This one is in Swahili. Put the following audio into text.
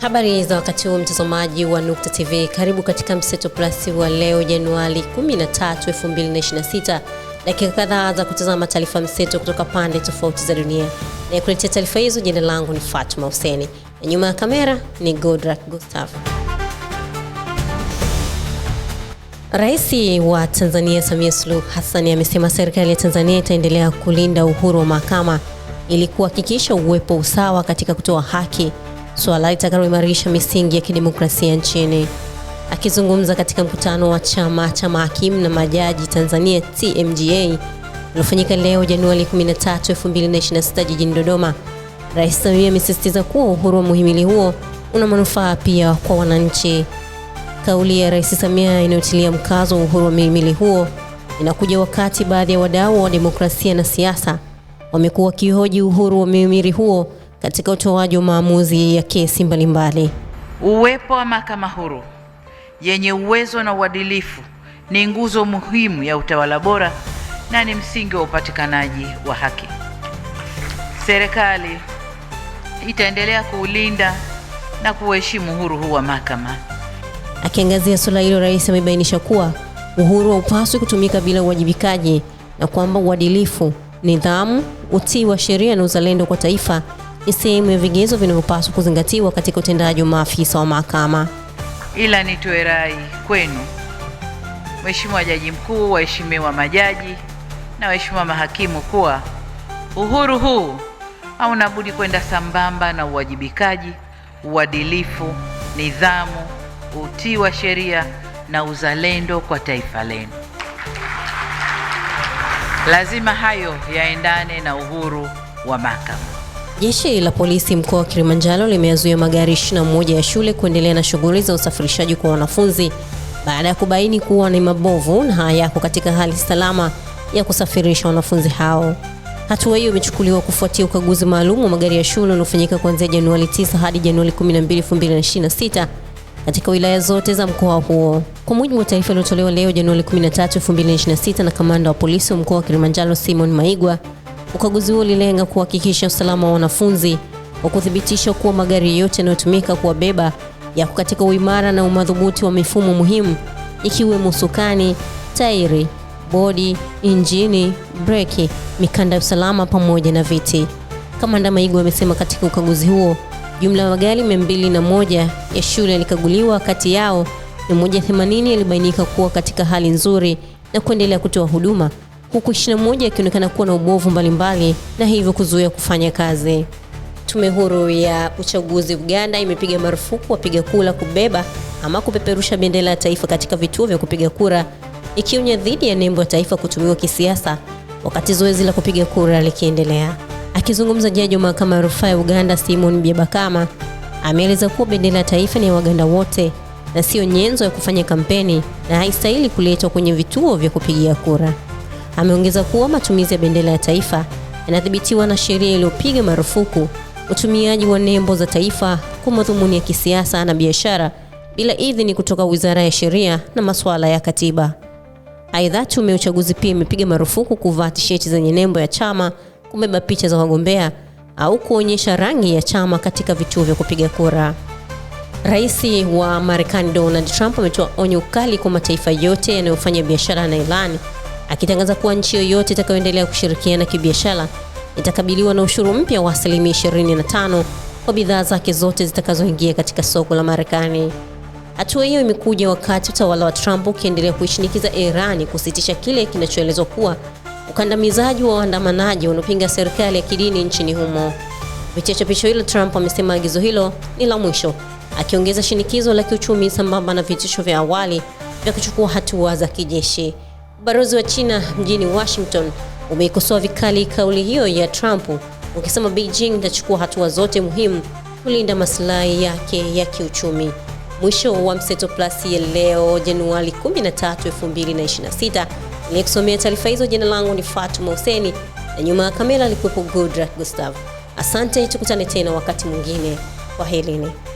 Habari za wakati huu mtazamaji wa Nukta TV, karibu katika Mseto Plus wa leo Januari 13, 2026. Dakika kadhaa za kutazama taarifa mseto kutoka pande tofauti za dunia, na kuletea taarifa hizo, jina langu ni Fatuma Huseni na nyuma ya kamera ni Godrak Gustav. Rais wa Tanzania Samia Suluhu Hassan amesema serikali ya Tanzania itaendelea kulinda uhuru wa mahakama ili kuhakikisha uwepo usawa katika kutoa haki suala litakaloimarisha misingi ya kidemokrasia nchini. Akizungumza katika mkutano wa chama cha mahakimu na majaji Tanzania TMGA uliofanyika leo Januari 13, 2026 jijini Dodoma, Rais Samia amesisitiza kuwa uhuru wa muhimili huo una manufaa pia kwa wananchi. Kauli ya Rais Samia inayotilia mkazo wa uhuru wa mihimili huo inakuja wakati baadhi ya wadau wa demokrasia na siasa wamekuwa wakihoji uhuru wa mihimili huo katika utoaji wa maamuzi ya kesi mbalimbali. Uwepo wa mahakama huru yenye uwezo na uadilifu ni nguzo muhimu ya utawala bora na ni msingi wa upatikanaji wa haki. Serikali itaendelea kuulinda na kuheshimu uhuru huu wa mahakama. Akiangazia suala hilo, rais amebainisha kuwa uhuru haupaswi kutumika bila uwajibikaji na kwamba uadilifu, nidhamu, utii wa sheria na uzalendo kwa taifa ni sehemu ya vigezo vinavyopaswa kuzingatiwa katika utendaji wa maafisa wa mahakama. Ila nitoe rai kwenu, Mheshimiwa Jaji Mkuu, waheshimiwa majaji na waheshimiwa mahakimu, kuwa uhuru huu hauna budi kwenda sambamba na uwajibikaji, uadilifu, nidhamu, utii wa sheria na uzalendo kwa taifa lenu. Lazima hayo yaendane na uhuru wa mahakama. Jeshi la polisi mkoa wa Kilimanjaro limeyazuia magari 21 ya shule kuendelea na shughuli za usafirishaji kwa wanafunzi baada ya kubaini kuwa ni mabovu na hayako katika hali salama ya kusafirisha wanafunzi hao. Hatua hiyo imechukuliwa kufuatia ukaguzi maalum wa magari ya shule uliofanyika kuanzia Januari 9 hadi Januari 12, 2026 katika wilaya zote za mkoa huo. Kwa mujibu wa taarifa iliyotolewa leo Januari 13, 2026 na kamanda wa polisi wa mkoa wa Kilimanjaro Simon Maigwa Ukaguzi huo ulilenga kuhakikisha usalama wa wanafunzi kwa kuthibitisha kuwa magari yote yanayotumika kuwabeba yako katika uimara na umadhubuti wa mifumo muhimu ikiwemo usukani, tairi, bodi, injini, breki, mikanda ya usalama pamoja na viti. Kamanda Maigu amesema katika ukaguzi huo jumla ya magari 201 ya shule yalikaguliwa, kati yao 180 yalibainika kuwa katika hali nzuri na kuendelea kutoa huduma huku 21 akionekana kuwa na ubovu mbalimbali na hivyo kuzuia kufanya kazi. Tume Huru ya Uchaguzi Uganda imepiga marufuku wapiga kura kubeba ama kupeperusha bendera ya taifa katika vituo vya kupiga kura, ikionya dhidi ya nembo ya taifa kutumiwa kisiasa wakati zoezi la kupiga kura likiendelea. Akizungumza, jaji wa mahakama ya rufaa ya Uganda Simon Byabakama ameeleza kuwa bendera ya taifa ni ya Waganda wote na siyo nyenzo ya kufanya kampeni na haistahili kuletwa kwenye vituo vya kupigia kura. Ameongeza kuwa matumizi ya bendera ya taifa yanadhibitiwa na sheria iliyopiga marufuku utumiaji wa nembo za taifa kwa madhumuni ya kisiasa na biashara bila idhini kutoka Wizara ya Sheria na Masuala ya Katiba. Aidha, tume ya uchaguzi pia imepiga marufuku kuvaa tisheti zenye nembo ya chama, kubeba picha za wagombea au kuonyesha rangi ya chama katika vituo vya kupiga kura. Rais wa Marekani Donald Trump ametoa onyo kali kwa mataifa yote yanayofanya biashara na ilani akitangaza kuwa nchi yoyote itakayoendelea kushirikiana kibiashara itakabiliwa na ushuru mpya wa asilimia 25 kwa bidhaa zake zote zitakazoingia katika soko la Marekani. Hatua hiyo imekuja wakati utawala wa Trump ukiendelea kuishinikiza Irani kusitisha kile kinachoelezwa kuwa ukandamizaji wa waandamanaji wanaopinga serikali ya kidini nchini humo. Kupitia chapisho hilo, Trump amesema agizo hilo ni la mwisho, akiongeza shinikizo la kiuchumi sambamba na vitisho vya awali vya kuchukua hatua za kijeshi. Ubalozi wa China mjini Washington umeikosoa vikali kauli hiyo ya Trump ukisema Beijing itachukua hatua zote muhimu kulinda maslahi yake ya kiuchumi. Mwisho wa Mseto Plus ya leo Januari 13, 2026. Niliyekusomea taarifa hizo, jina langu ni Fatuma Huseni na nyuma ya kamera alikuwepo Godrat Gustav. Asante, tukutane tena wakati mwingine. Kwaherini.